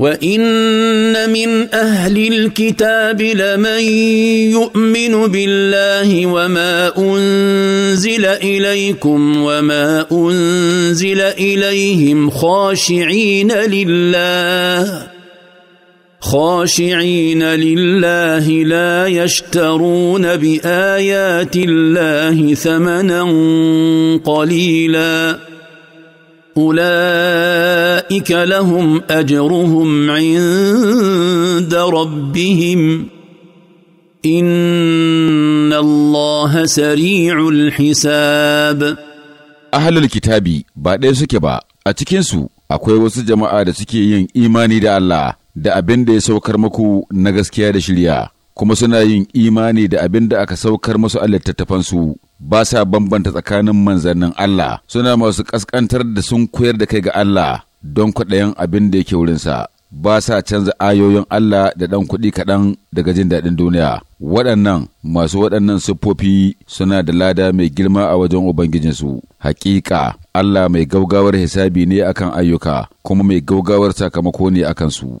وان من اهل الكتاب لمن يؤمن بالله وما انزل اليكم وما انزل اليهم خاشعين لله خاشعين لله لا يشترون بايات الله ثمنا قليلا اولئك اولئك لهم اجرهم عند ربهم ان الله سريع الحساب اهل الكتاب ba ɗaya suke ba a cikinsu akwai wasu jama'a da suke yin imani da Allah da abin da ya saukar muku na gaskiya da shirya kuma suna yin imani da abin da aka saukar masu a littattafansu ba sa bambanta tsakanin manzannin Allah suna masu ƙasƙantar da sun koyar da kai ga Allah don kwaɗayin abin da yake wurinsa, ba sa canza ayoyin Allah da ɗan kuɗi kaɗan daga jin daɗin duniya. Waɗannan masu waɗannan siffofi suna da lada mai girma a wajen Ubangijinsu. Hakika, Allah mai gaugawar hisabi ne akan ayyuka, kuma mai gaugawar sakamako ne akan su.